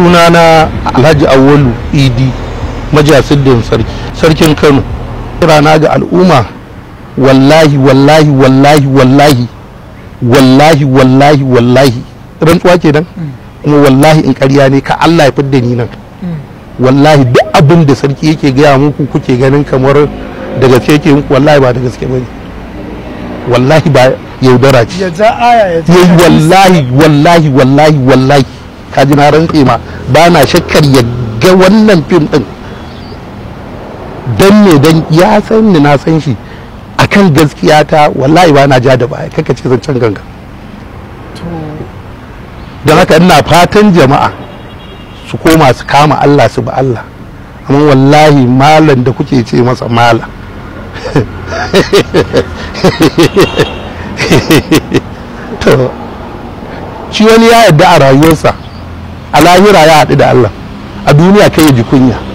sunana alhaji awolu idi majasiddin sarki sarkin kano rana ga al'umma wallahi wallahi wallahi wallahi wallahi wallahi wallahi rantsuwa ke nan mm. kuma wallahi in ƙarya ne ka allah ya fidda ni nan mm. wallahi duk abin da sarki yake gaya muku kuke ganin kamar da gaske yake muku wallahi ba da gaske ba ne wallahi ba yaudara ce wallahi wallahi wallahi wallahi kaji na rantse ma ba na shakkar ya ga wannan fim din dan me dan ya san ni na san shi akan gaskiya ta wallahi ba na ja da baya kaka ce zan can ganga don haka ina fatan jama'a su koma su kama Allah su ba Allah amma wallahi malam da kuke ce masa mala to shi wani ya yarda a rayuwarsa a lahira ya haɗu da Allah a duniya kai ya ji kunya